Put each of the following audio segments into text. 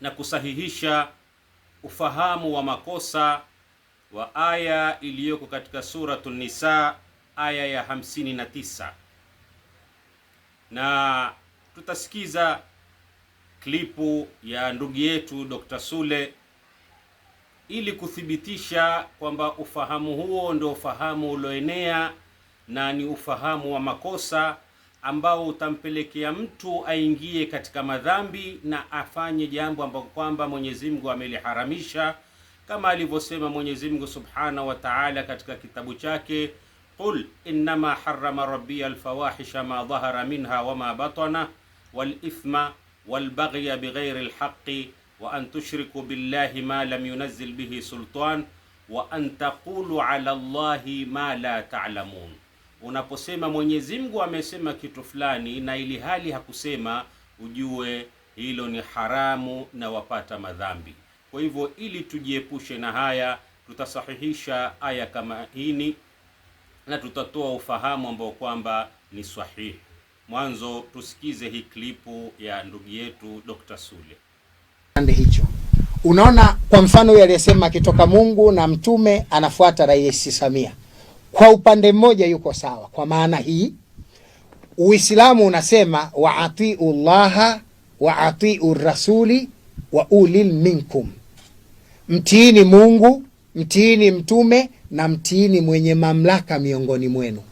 na kusahihisha ufahamu wa makosa wa aya iliyoko katika suratu Nisa aya ya 59 na tutasikiza klipu ya ndugu yetu Dr. Sule ili kuthibitisha kwamba ufahamu huo ndio ufahamu ulioenea na ni ufahamu wa makosa ambao utampelekea mtu aingie katika madhambi na afanye jambo ambao kwamba Mwenyezi Mungu ameliharamisha, kama alivyosema Mwenyezi Mungu Subhanahu wa Ta'ala katika kitabu chake, qul innama harrama rabbi alfawahisha ma dhahara minha wa ma batana wal ithma wal baghya bighairi alhaqqi wa an tushriku billahi ma lam yunzil bihi sultan wa an taqulu ala allahi ma la ta'lamun ta Unaposema Mwenyezi Mungu amesema kitu fulani na ili hali hakusema, ujue hilo ni haramu na wapata madhambi. Kwa hivyo, ili tujiepushe na haya, tutasahihisha aya kama hini na tutatoa ufahamu ambao kwamba ni sahihi. Mwanzo tusikize hii klipu ya ndugu yetu Dr. Sule. Kipande hicho unaona, kwa mfano huyu aliyesema akitoka Mungu na mtume anafuata Rais Samia. Kwa upande mmoja yuko sawa, kwa maana hii Uislamu unasema wa atiu llaha wa atiu rasuli wa ulil minkum, mtiini Mungu, mtiini mtume na mtiini mwenye mamlaka miongoni mwenu.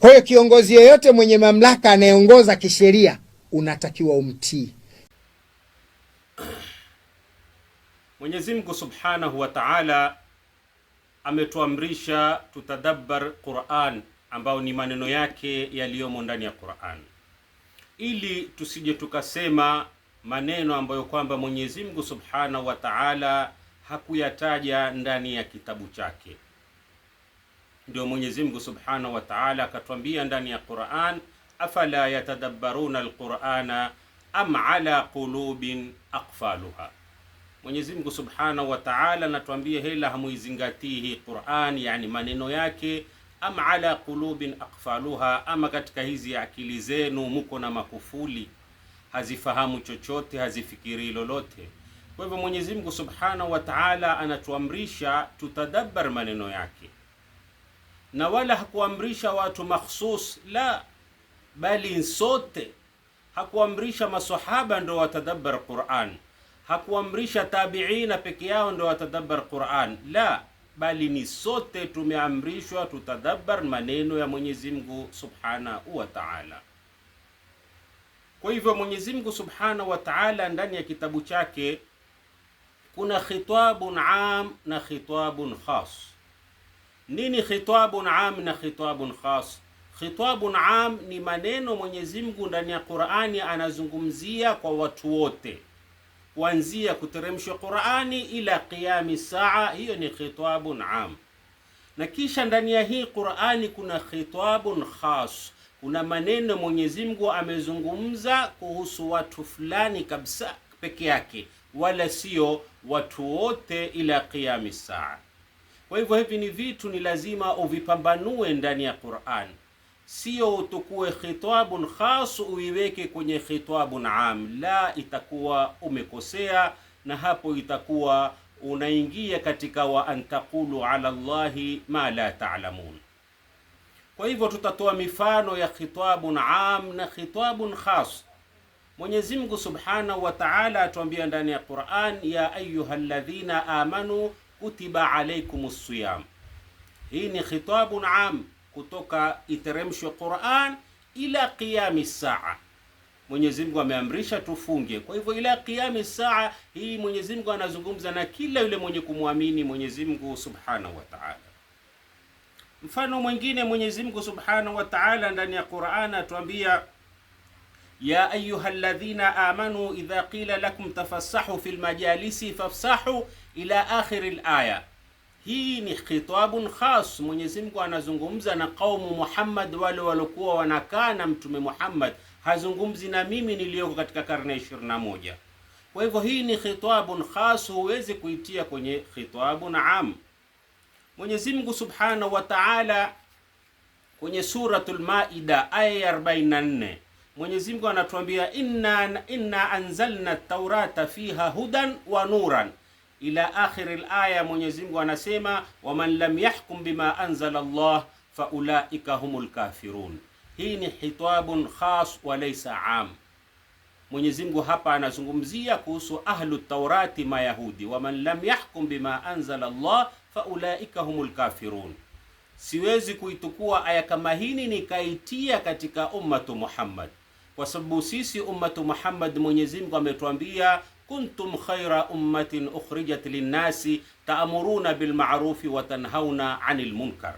Kwa hiyo kiongozi yeyote mwenye mamlaka anayeongoza kisheria unatakiwa umtii. Mwenyezi Mungu Subhanahu wa Ta'ala ametuamrisha tutadabbar Qur'an, ambao ni maneno yake yaliyomo ndani ya Qur'an, ili tusije tukasema maneno ambayo kwamba Mwenyezi Mungu Subhanahu wa Ta'ala hakuyataja ndani ya kitabu chake. Ndio Mwenyezi Mungu Subhanahu wa Ta'ala akatwambia ndani ya Qur'an, afala yatadabbaruna alqur'ana am ala qulubin aqfaluha Mwenyezi Mungu Subhanahu wa Ta'ala anatuambia hela hamuizingatii hii Qur'an, yani maneno yake, am ala qulubin aqfaluha, ama katika hizi akili zenu muko na makufuli, hazifahamu chochote, hazifikiri lolote. Kwa hivyo Mwenyezi Mungu Subhanahu wa Ta'ala anatuamrisha tutadabbar maneno yake, na wala hakuamrisha watu makhsus, la bali sote, hakuamrisha maswahaba ndo watadabbar Qur'an hakuamrisha tabiina peke yao ndo watadabbar Qur'an, la bali ni sote tumeamrishwa tutadabbar maneno ya Mwenyezi Mungu Subhanahu wa Ta'ala. Kwa hivyo Mwenyezi Mungu Subhanahu wa Ta'ala ndani ya kitabu chake kuna khitabun am na khitabun khas. Nini khitabun am na khitabun khas? Khitabun am ni maneno Mwenyezi Mungu ndani ya Qur'ani anazungumzia kwa watu wote kuanzia kuteremshwa Qur'ani ila qiyami saa, hiyo ni khitabun am. Na kisha ndani ya hii Qur'ani kuna khitabun khas, kuna maneno Mwenyezi Mungu amezungumza kuhusu watu fulani kabisa peke yake, wala sio watu wote, ila qiyami saa. Kwa hivyo hivi ni vitu ni lazima uvipambanue ndani ya Qur'ani sio utukue khitabun khas uiweke kwenye khitabun am, la, itakuwa umekosea, na hapo itakuwa unaingia katika wa antaqulu ala llahi ma la ta'lamun. Kwa hivyo tutatoa mifano ya khitabun am na khitabun khas. Mwenyezi Mungu Subhanahu wa Ta'ala atuambia ndani ya Qur'an, ya ayyuhalladhina amanu kutiba alaykumus siyam. Hii ni khitabun am kutoka iteremshwe Qur'an ila qiyami saa. Mwenyezi Mungu ameamrisha tufunge. Kwa hivyo ila qiyami saa hii, Mwenyezi Mungu anazungumza na kila yule mwenye kumwamini Mwenyezi Mungu Subhanahu wa Ta'ala. Mfano mwingine Mwenyezi Mungu Subhanahu wa Ta'ala ndani ya Qur'an atuambia ya ayyuhalladhina amanu idha qila lakum tafassahu fil majalisi fafsahu ila akhiri aya. Hii ni khitabun khas. Mwenyezi Mungu anazungumza na qaumu Muhammad, wale waliokuwa wanakaa na mtume Muhammad, hazungumzi na mimi niliyoko katika karne 21. Kwa hivyo hii ni khitabun khas, huwezi kuitia kwenye khitabun am. Mwenyezi Mungu Subhanahu wa Ta'ala kwenye suratul Maida aya ya 44 Mwenyezi Mungu anatuambia inna, inna anzalna taurata fiha hudan wa nuran ila akhiri laya, Mwenyezi Mungu anasema waman lam yahkum bima anzala Allah ulaika humul kafirun. Hii ni hitabun khas wa laysa am. Mwenyezi Mungu hapa anazungumzia kuhusu ahlu taurati Mayahudi, waman lam yahkum bima anzala Allah ulaika humul kafirun. Siwezi kuitukua aya kama hini nikaitia katika ummatu Muhammad, kwa sababu sisi ummatu Muhammad Mwenyezi Mungu ametuambia kuntum khaira ummatin ukhrijat linnasi taamuruna bilmarufi wa tanhauna anil munkar.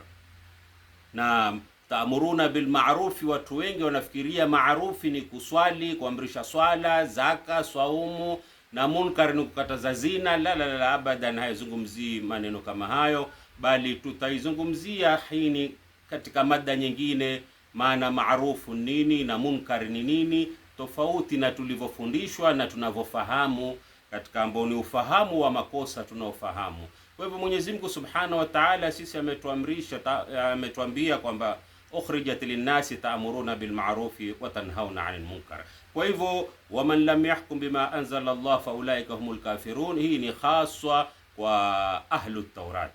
Na taamuruna bilmarufi, watu wengi wanafikiria maarufi ni kuswali, kuamrisha swala, zaka, swaumu na munkar ni kukataza zina. La, la, la, abadan, hayazungumzii maneno kama hayo, bali tutaizungumzia hini katika mada nyingine, maana maarufu nini na munkar ni nini tofauti na tulivyofundishwa na tunavyofahamu katika ambao ni ufahamu wa makosa tunaofahamu. Kwa hivyo Mwenyezi Mungu Subhanahu wa Ta'ala sisi ametuamrisha ta, ametuambia kwamba ukhrijat linnasi ta'muruna bil ma'rufi wa tanhauna 'anil munkar. Kwa hivyo waman lam yahkum bima anzala Allah fa ulaika humul kafirun, hii ni khaswa kwa ahlu taurat.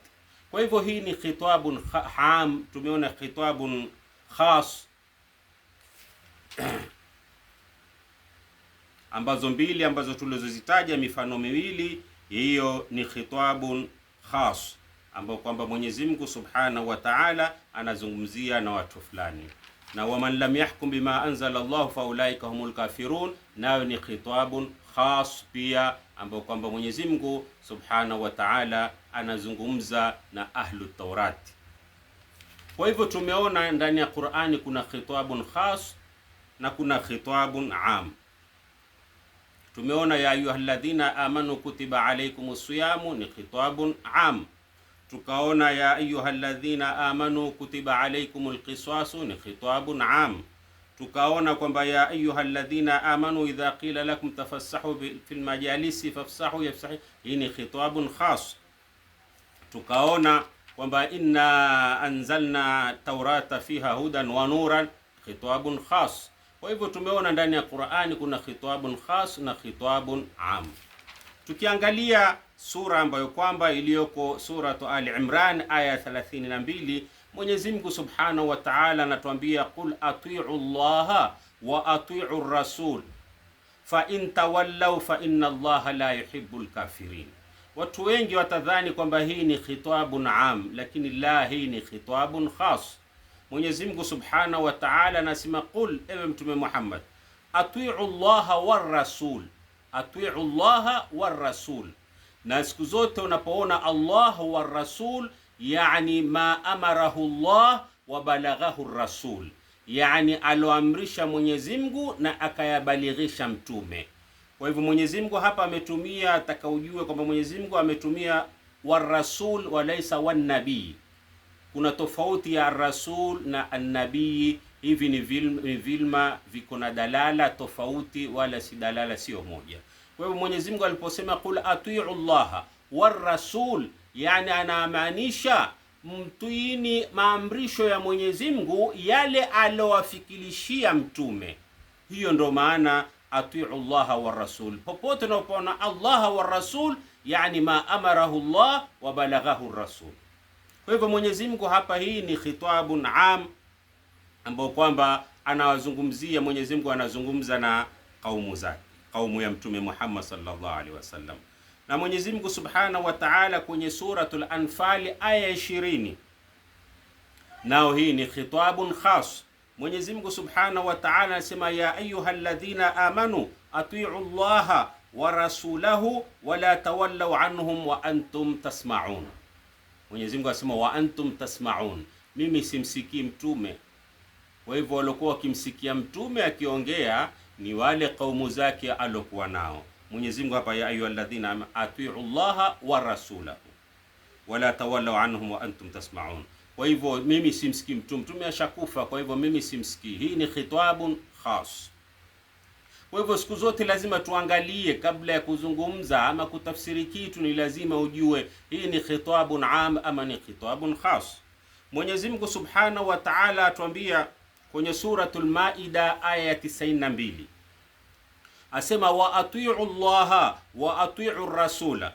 Kwa hivyo hii ni khitabun ham, tumeona khitabun khas ambazo mbili ambazo tulizozitaja mifano miwili hiyo ni khitabun khas ambao kwamba Mwenyezi Mungu Subhanahu wa Ta'ala anazungumzia na watu fulani, na waman lam yahkum bima anzala Allah fa ulaika humul kafirun, nayo ni khitabun khas pia, ambao kwamba Mwenyezi Mungu Subhanahu wa Ta'ala anazungumza na ahlu Taurati. Kwa hivyo tumeona ndani ya Qur'ani kuna khitabun khas na kuna khitabun am. Tumeona ya ayyuhalladhina amanu kutiba alaykumus siyamu ni khitabun am. Tukaona ya ayyuhalladhina amanu kutiba alaykumul qisasu ni khitabun am. Tukaona kwamba ya ayyuhalladhina amanu idha qila lakum tafassahu fil majalisi fafsahu yafsahi, hii ni khitabun khas. Tukaona kwamba inna anzalna taurata fiha hudan wa nuran, khitabun khas Kwa hivyo tumeona ndani ya Qur'ani kuna khitabun khas na khitabun am. Tukiangalia sura ambayo kwamba iliyoko suratu Ali Imran aya 32, Mwenyezi Mungu Subhanahu wa Ta'ala anatuambia qul atii'u llaha wa atii'u rasul fa in tawallaw fa inna allaha la yuhibbul kafirin. Watu wengi watadhani kwamba hii ni khitabun am, lakini la, hii ni khitabun khas Mwenyezi Mungu Subhanahu wa Ta'ala anasema qul, ewe Mtume Muhammad, atiu llaha warasul, atiu llaha rasul. Na siku zote unapoona Allah wa rasul, yani ma amarahu llah wa balaghahu rasul, yani aloamrisha Mwenyezi Mungu na akayabalighisha mtume. Kwa hivyo Mwenyezi Mungu hapa ametumia, atakaujue kwamba Mwenyezi Mungu ametumia warasul walaisa wanabii kuna tofauti ya rasul na annabii. Hivi ni vilma viko na dalala tofauti, wala si dalala sio moja. Kwa hivyo Mwenyezi Mungu aliposema qul atiu llaha war rasul, yani anamaanisha mtuini maamrisho ya Mwenyezi Mungu yale alowafikilishia mtume. Hiyo ndo maana atiu llaha war rasul. Popote unapoona allaha war rasul, yani ma amarahu llah wa balaghahu rasul kwa hivyo Mwenyezi Mungu hapa, hii ni khitabun am ambao kwamba anawazungumzia Mwenyezi Mungu, anazungumza na kaumu zake, kaumu ya Mtume Muhammad sallallahu alaihi wasallam. Na Mwenyezi Mungu Subhanahu wa Ta'ala kwenye suratul Anfal aya 20, nao hii ni khitabun khas. Mwenyezi Mungu Subhanahu wa Ta'ala anasema ya ayyuhalladhina amanu atiu llaha wa rasulahu wala tawallaw anhum wa antum tasma'un Mwenyezi Mungu anasema wa antum tasmaun, mimi simsikii mtume. Kwa hivyo walokuwa wakimsikia mtume akiongea ni wale kaumu zake alokuwa nao. Mwenyezi Mungu hapa, ya ayuha alladhina atiu llaha wa rasulahu wala tawallau anhum wa antum tasmaun. Kwa hivyo mimi simsikii mtume, mtume ashakufa. Kwa hivyo mimi simsikii. Hii ni khitabun khas kwa hivyo siku zote lazima tuangalie, kabla ya kuzungumza ama kutafsiri kitu, ni lazima ujue hii ni khitabun am ama ni khitabun khas. Mwenyezi Mungu Subhanahu wa Ta'ala atuambia kwenye suratul Maida aya ya 92, asema wa atiu llaha wa atiu rasula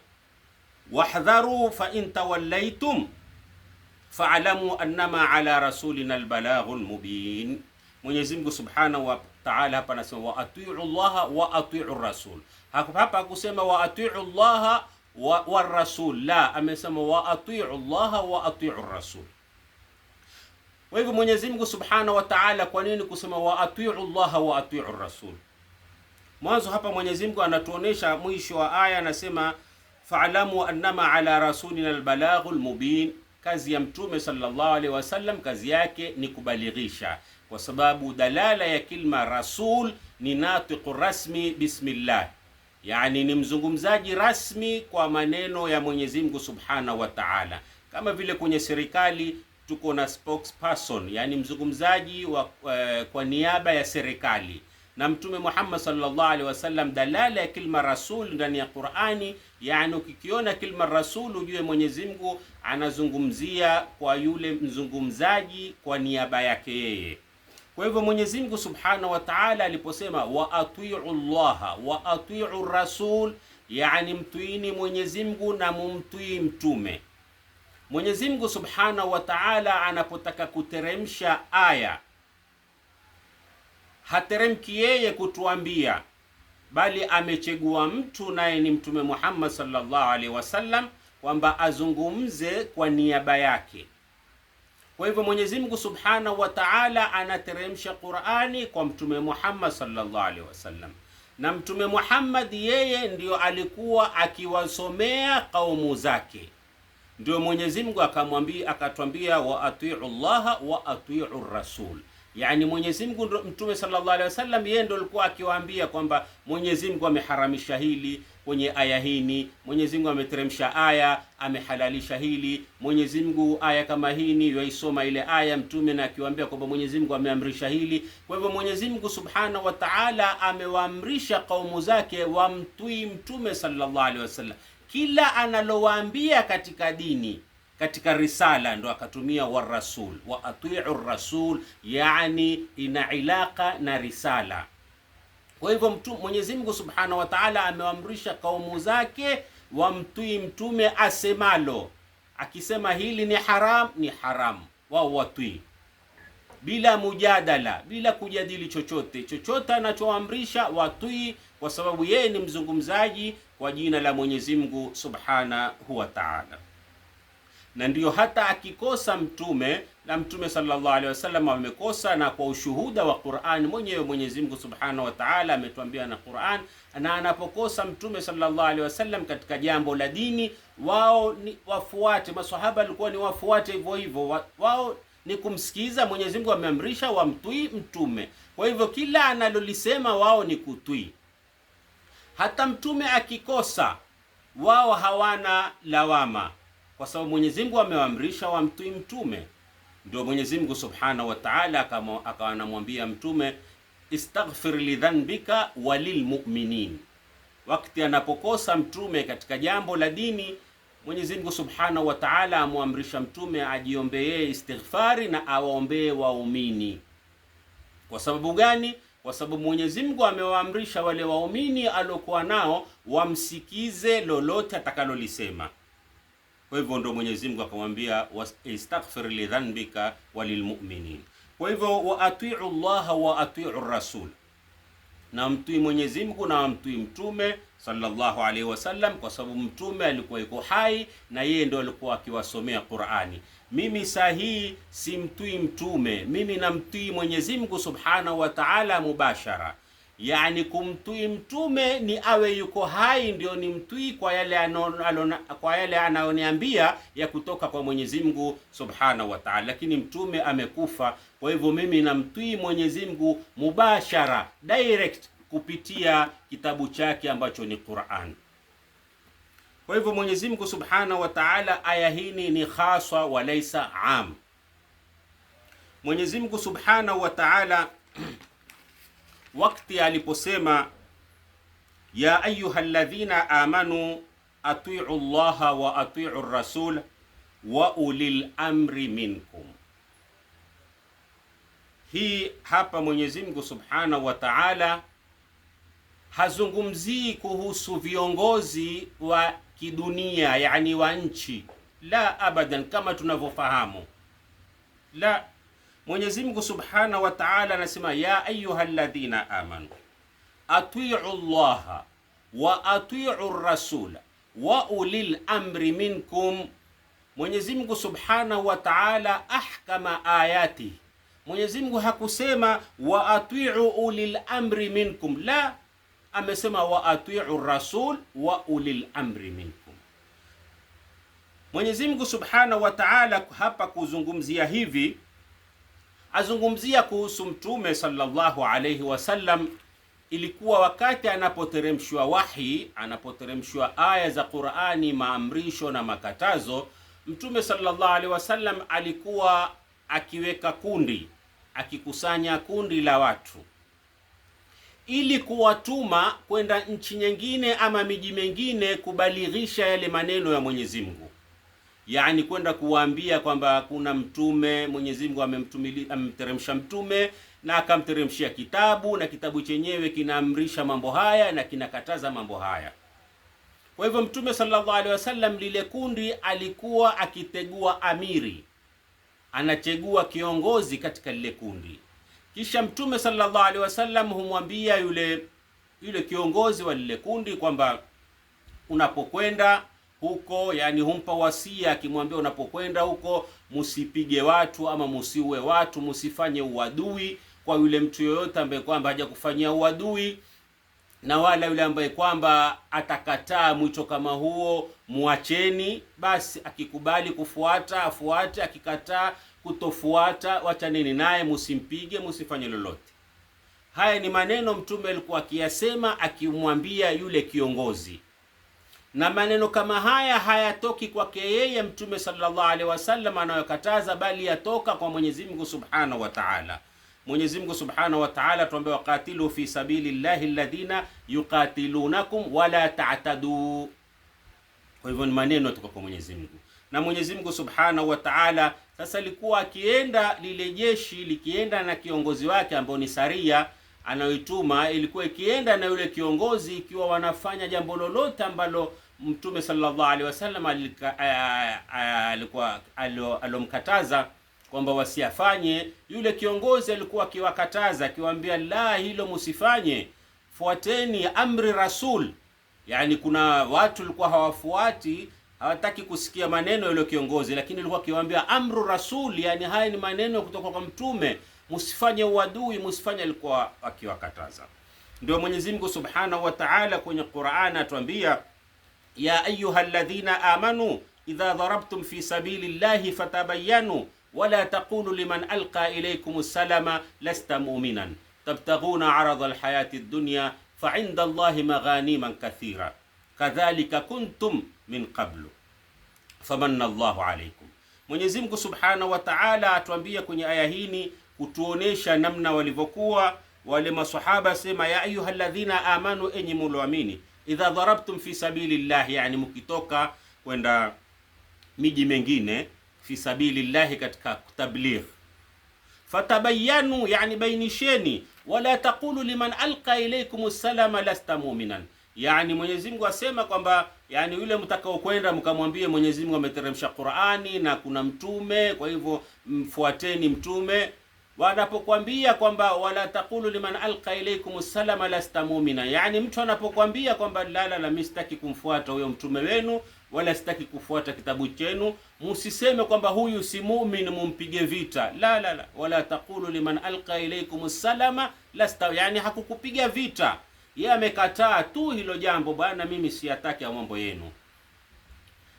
wahdharu fa in tawallaytum fa'lamu annama ala rasulina albalaghul mubin Mwenyezi Mungu Subhanahu wa Ta'ala hapa anasema wa atiu Allah wa atiu rasul. Hapa hakusema wa atiu Allah wa, wa rasul la, amesema wa atiu Allah wa atiu rasul. Kwa hivyo Mwenyezi Mungu Subhanahu wa Ta'ala, kwa nini kusema wa atiu Allah wa atiu rasul? Mwanzo hapa Mwenyezi Mungu anatuonesha mwisho wa aya anasema fa'lamu annama ala rasulina albalaghul mubin, kazi ya mtume sallallahu alaihi wasallam kazi yake ni kubalighisha kwa sababu dalala ya kilma rasul ni natiqu rasmi bismillah, yani ni mzungumzaji rasmi kwa maneno ya Mwenyezi Mungu subhanahu wa taala. Kama vile kwenye serikali tuko na spokesperson, yani mzungumzaji wa, eh, kwa niaba ya serikali na Mtume Muhammad sallallahu alaihi wasallam, dalala ya kilma rasul ndani ya Qur'ani, yani ukikiona kilma rasul ujue Mwenyezi Mungu anazungumzia kwa yule mzungumzaji kwa niaba yake yeye. Kwa hivyo Mwenyezi Mungu Subhanahu wa Ta'ala aliposema wa atiu llaha wa atiu rasul, yani mtwini Mwenyezi Mungu na mumtui mtume. Mwenyezi Mungu Subhanahu wa Ta'ala anapotaka kuteremsha aya hateremki yeye kutuambia, bali amechegua mtu naye ni Mtume Muhammad sallallahu alaihi wasallam kwamba azungumze kwa niaba yake. Kwa hivyo Mwenyezi Mungu Subhanahu wa Ta'ala anateremsha Qur'ani kwa Mtume Muhammad sallallahu alaihi wasallam, na Mtume Muhammad yeye ndiyo alikuwa akiwasomea kaumu zake, ndio Mwenyezi Mungu akamwambia, akatwambia wa atiu llaha wa atiu rasul Yaani Mwenyezi Mungu Mtume sallallahu alaihi wasallam yeye ndo alikuwa akiwaambia kwamba Mwenyezi Mungu ameharamisha hili, kwenye aya hini. Mwenyezi Mungu ameteremsha aya, amehalalisha hili. Mwenyezi Mungu aya kama hini yaisoma ile aya mtume na akiwaambia kwamba Mwenyezi Mungu ameamrisha hili. Kwa hivyo Mwenyezi Mungu Subhanahu wa Ta'ala amewaamrisha kaumu zake wamtwii mtume sallallahu alaihi wasallam, kila analowaambia katika dini katika risala ndo akatumia warasul wa atiu rasul, yani ina ilaka na risala kwa hivyo Mwenyezi Mungu Subhanahu wa Ta'ala amewaamrisha kaumu zake wamtii mtume asemalo. Akisema hili ni haram, ni haramu, wao watii bila mujadala, bila kujadili chochote. Chochote anachoamrisha watii, kwa sababu yeye ni mzungumzaji kwa jina la Mwenyezi Mungu Subhanahu wa Ta'ala na ndiyo hata akikosa mtume na mtume sallallahu alaihi wasallam amekosa, na kwa ushuhuda wa Qur'an mwenyewe Mwenyezi Mungu Subhanahu wa Ta'ala ametuambia na Qur'an, na anapokosa mtume sallallahu alaihi wasallam katika jambo la dini, wao ni wafuate. Maswahaba walikuwa ni wafuate hivyo hivyo, wao ni kumsikiza Mwenyezi Mungu, ameamrisha wamtwii mtume. Kwa hivyo kila analolisema wao ni kutui, hata mtume akikosa wao hawana lawama kwa sababu Mwenyezi Mungu amewaamrisha wamtii mtume. Ndio Mwenyezi Mungu Subhanahu wa Ta'ala akawa anamwambia mtume istaghfir lidhanbika walilmuminin. Wakati anapokosa mtume katika jambo la dini, Mwenyezi Mungu Subhanahu wa Ta'ala amwamrisha mtume ajiombee istighfari na awaombee waumini. Kwa sababu gani? Kwa sababu Mwenyezi Mungu amewaamrisha wale waumini aliokuwa nao wamsikize lolote atakalolisema. Kwa hivyo ndo Mwenyezi Mungu akamwambia wastaghfir li dhanbika lilmuminin Kwa hivyo wa atiu llaha wa atiu rasul, na mtii Mwenyezi Mungu na mtii mtume sallallahu alaihi wasallam, kwa sababu mtume alikuwa yuko hai na yeye ndo alikuwa akiwasomea Qur'ani. Mimi saa hii simtui mtume, mimi namtii Mwenyezi Mungu subhanahu wa ta'ala mubashara yaani kumtui mtume ni awe yuko hai ndio ni mtui kwa yale anon, kwa yale anayoniambia ya kutoka kwa Mwenyezi Mungu Subhanahu wa Ta'ala, lakini mtume amekufa. Kwa hivyo mimi namtui Mwenyezi Mungu mubashara direct kupitia kitabu chake ambacho ni Qur'an. Kwa hivyo Mwenyezi Mungu Subhanahu wa Ta'ala, aya hii ni khaswa walaisa am. Mwenyezi Mungu Subhanahu wa Ta'ala wakati aliposema ya ayuha alladhina amanu atiu llaha wa atiu rasul wa ulil amri minkum. Hii hapa Mwenyezi Mungu Subhanahu wa Ta'ala hazungumzii kuhusu viongozi wa kidunia, yani wa nchi, la abadan, kama tunavyofahamu la Mwenyezi Mungu Subhanahu wa Ta'ala anasema ya ayyuhalladhina amanu atiu llaha wa atiu rasul wa ulil amri minkum. Mwenyezi Mungu Subhanahu wa Ta'ala ahkama ayati. Mwenyezi Mungu hakusema wa atiu ulil amri minkum, la, amesema wa atiu rasul wa ulil amri minkum. Mwenyezi Mungu Subhanahu wa Ta'ala hapa kuzungumzia hivi azungumzia kuhusu Mtume sallallahu alayhi wasallam, ilikuwa wakati anapoteremshwa wahi, anapoteremshwa aya za Qur'ani, maamrisho na makatazo, Mtume sallallahu alayhi wasallam alikuwa akiweka kundi, akikusanya kundi la watu ili kuwatuma kwenda nchi nyingine ama miji mengine kubalighisha yale maneno ya Mwenyezi Mungu yani kwenda kuwaambia kwamba kuna mtume, Mwenyezi Mungu amemteremsha mtume na akamteremshia kitabu na kitabu chenyewe kinaamrisha mambo haya na kinakataza mambo haya. Kwa hivyo Mtume sallallahu alaihi wasallam, lile kundi alikuwa akitegua amiri, anachegua kiongozi katika lile kundi, kisha Mtume sallallahu alaihi wasallam humwambia yule yule kiongozi wa lile kundi kwamba unapokwenda huko, yani humpa wasia akimwambia, unapokwenda huko msipige watu ama msiue watu, msifanye uadui kwa yule mtu yoyote ambaye kwamba haja kufanyia uadui, na wala yule ambaye kwamba atakataa mwito kama huo muacheni. Basi akikubali kufuata afuate, akikataa kutofuata wachaneni naye, msimpige, msifanye lolote. Haya ni maneno Mtume alikuwa akiyasema akimwambia yule kiongozi na maneno kama haya hayatoki kwake yeye Mtume sallallahu alaihi wasallam anayokataza, bali yatoka kwa Mwenyezi Mungu subhanahu wa taala. Mwenyezi Mungu subhanahu wa taala tuambia, waqatilu fi sabili llahi alladhina yuqatilunakum wala ta'tadu. Kwa hivyo ni maneno yatoka kwa Mwenyezi Mungu na Mwenyezi Mungu subhanahu wa taala sasa alikuwa akienda lile jeshi likienda na kiongozi wake ambao ni Saria anayoituma ilikuwa ikienda na yule kiongozi, ikiwa wanafanya jambo lolote ambalo Mtume sallallahu alaihi wasallam alikuwa alomkataza kwamba wasiyafanye, yule kiongozi alikuwa akiwakataza akiwaambia, la, hilo musifanye, fuateni amri rasul. Yani kuna watu walikuwa hawafuati hawataki kusikia maneno yule kiongozi, lakini alikuwa akiwaambia amru rasul, yani haya ni maneno kutoka kwa Mtume msifanye uadui, msifanye alikuwa akiwakataza. Ndio Mwenyezi Mungu Subhanahu wa Ta'ala kwenye Qur'an atuambia, ya ayuha alladhina amanu idha darabtum fi sabili llahi fatabayanu wala taqulu liman alqa ilaykum salama lasta mu'minan tabtaguna arada alhayati dunya fa inda Allahi maghaniman kathira kadhalika kuntum min qablu famanna Allahu alaykum. Mwenyezi Mungu Subhanahu wa Ta'ala atuambia kwenye aya hii kutuonesha namna walivyokuwa wale maswahaba, sema ya ayuha alladhina amanu, enyi muloamini, idha dharabtum fi sabilillahi, yani mkitoka kwenda miji mengine, fi sabilillahi, katika tabligh fatabayanu, yani bainisheni, wala taqulu liman alqa ilaykum assalama lasta mu'minan Yani Mwenyezi Mungu asema kwamba yani yule mtakaokwenda mkamwambie Mwenyezi Mungu ameteremsha Qur'ani na kuna mtume, kwa hivyo mfuateni mtume wanapokwambia kwamba wala taqulu liman alqa ilaykum salama lasta mu'mina, yani mtu anapokwambia kwamba lala la mistaki kumfuata huyo mtume wenu wala sitaki kufuata kitabu chenu, msiseme kwamba huyu si muumini mumpige vita. La, la, la, wala taqulu liman alqa ilaykum salama lasta, yani hakukupiga vita yeye, amekataa tu hilo jambo, bwana, mimi siyataki ya mambo yenu.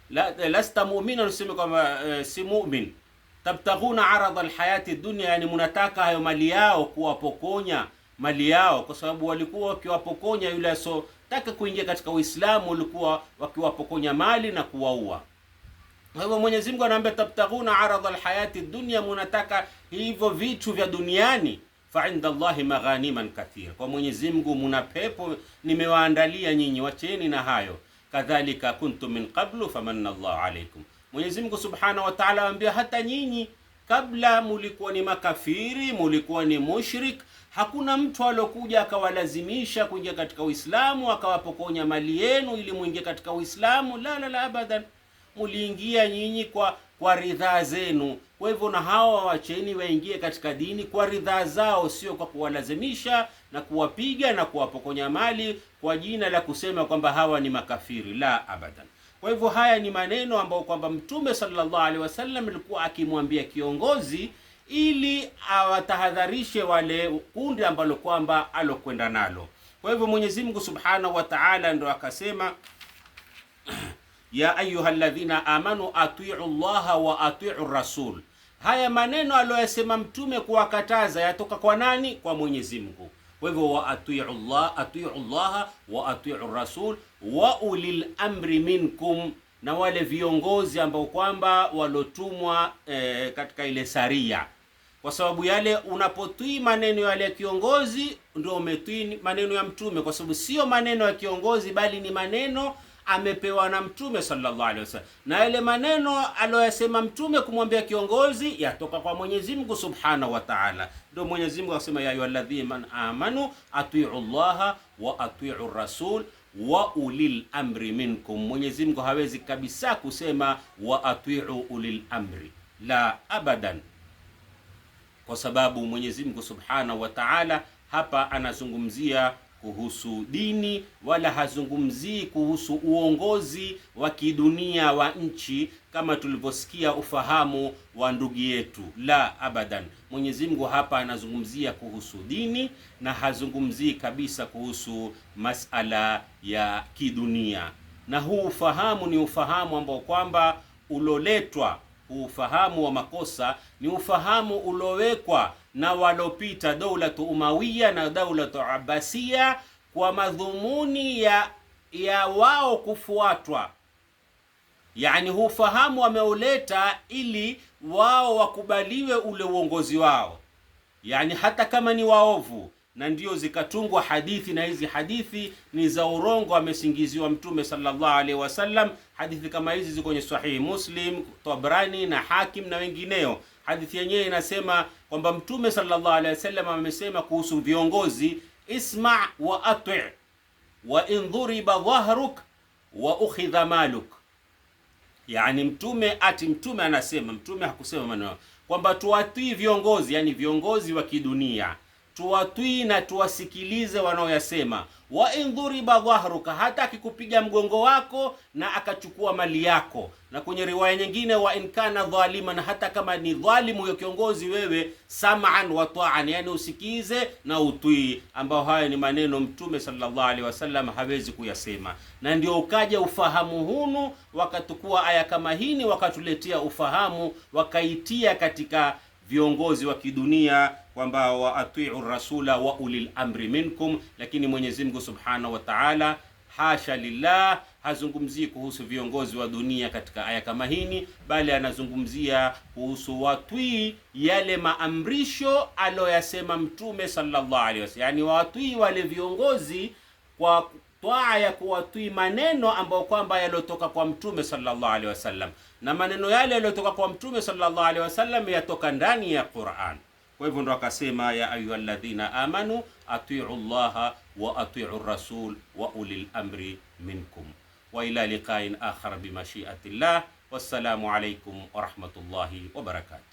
La, lasta mu'mina, useme kwamba e, si mumin tabtaghuna aradha alhayati dunya, yani munataka hayo mali yao kuwapokonya mali yao, kwa sababu walikuwa wakiwapokonya yule asotaka kuingia katika Uislamu, walikuwa wakiwapokonya mali na kuwaua. Kwa hivyo Mwenyezi Mungu anaambia tabtaghuna aradha alhayati dunya, munataka hivyo vitu vya duniani fa inda Allahi maghaniman kathira, kwa Mwenyezi Mungu muna pepo nimewaandalia nyinyi, wacheni na hayo. Kadhalika kuntum min qablu famanna Allahu alaykum Mwenyezi Mungu Subhanahu wa Ta'ala anambia hata nyinyi kabla mulikuwa ni makafiri, mulikuwa ni mushrik. Hakuna mtu aliokuja akawalazimisha kuingia katika Uislamu akawapokonya mali yenu ili muingie katika Uislamu. La, la, la, abadan. Muliingia nyinyi kwa kwa ridhaa zenu. Kwa hivyo, na hawa wacheni waingie katika dini kwa ridhaa zao, sio kwa kuwalazimisha na kuwapiga na kuwapokonya mali kwa jina la kusema kwamba hawa ni makafiri. La, abadan. Kwa hivyo haya ni maneno ambayo kwamba Mtume sallallahu alaihi wasallam alikuwa akimwambia kiongozi ili awatahadharishe wale kundi ambalo kwamba alokwenda nalo. Kwa hivyo Mwenyezi Mungu Subhanahu wa Ta'ala ndo akasema ya ayuha alladhina amanu atiu llaha wa atiu rasul. Haya maneno aliyosema mtume kuwakataza yatoka kwa nani? Kwa Mwenyezi Mungu. Kwa hivyo wa atiu Allah, atiu Allah wa atiu Rasul wa ulil amri minkum, na wale viongozi ambao kwamba walotumwa e, katika ile saria, kwa sababu yale unapotii maneno yale ya kiongozi ndio umetii maneno ya mtume, kwa sababu sio maneno ya kiongozi bali ni maneno amepewa na Mtume sallallahu alaihi wasallam, na yale maneno aliyoyasema Mtume kumwambia kiongozi yatoka kwa Mwenyezi Mungu subhanahu wa ta'ala. Ndio Mwenyezi Mungu akasema, ya ayyuhalladhina amanu atiu llaha wa atiu rasul wa ulil amri minkum. Mwenyezi Mungu hawezi kabisa kusema wa atiu ulil amri, la abadan, kwa sababu Mwenyezi Mungu subhanahu wa ta'ala hapa anazungumzia kuhusu dini wala hazungumzii kuhusu uongozi wa kidunia wa nchi kama tulivyosikia ufahamu wa ndugu yetu. La, abadan. Mwenyezi Mungu hapa anazungumzia kuhusu dini na hazungumzii kabisa kuhusu masala ya kidunia. Na huu ufahamu ni ufahamu ambao kwamba uloletwa, ufahamu wa makosa ni ufahamu ulowekwa na walopita daulatu umawiya na daulatu abbasiya kwa madhumuni ya, ya wao kufuatwa yani hufahamu wameuleta ili wao wakubaliwe ule uongozi wao, yani hata kama ni waovu, na ndio zikatungwa hadithi, na hizi hadithi ni za urongo, amesingiziwa Mtume sallallahu alaihi wasallam. Hadithi kama hizi ziko kwenye Sahihi Muslim, Tabrani na Hakim na wengineo. Hadithi yenyewe inasema kwamba Mtume sallallahu alaihi wasallam amesema kuhusu viongozi, isma wa ati wa in dhahruk wa ukhidha maluk, yani Mtume ati Mtume anasema, Mtume hakusema maneno kwamba tuatii viongozi, yani viongozi wa kidunia tuwatwii na tuwasikilize wanaoyasema. wa in dhahruka, hata akikupiga mgongo wako na akachukua mali yako. Na kwenye riwaya nyingine, wa inkana kana dhaliman, hata kama ni dhalimu huyo kiongozi, wewe sam'an wa ta'an, yani usikize na utwii, ambao hayo ni maneno Mtume sallallahu alaihi wasallam hawezi kuyasema. Na ndio ukaja ufahamu hunu, wakatukua aya kama hini, wakatuletea ufahamu, wakaitia katika viongozi wa kidunia kwamba wa atiu rasula wa ulil amri minkum, lakini Mwenyezi Mungu Subhanahu wa Ta'ala, hasha lillah, hazungumzii kuhusu viongozi wa dunia katika aya kama hini, bali anazungumzia kuhusu watwii yale maamrisho aloyasema Mtume sallallahu alaihi wasallam, yani watwii wale viongozi kwa twaa ya kuwatii maneno ambayo kwamba yaliotoka kwa mtume sallallahu alaihi wasallam, na maneno yale yaliotoka kwa mtume sallallahu alaihi wasallam yatoka ndani ya Qur'an. Kwa hivyo ndo akasema ya ayyuhalladhina amanu atiu llaha wa atiu rasul wa ulil amri minkum wa ila liqa'in akhar bi llah. Wassalamu alaikum warahmatullahi wabarakatuh.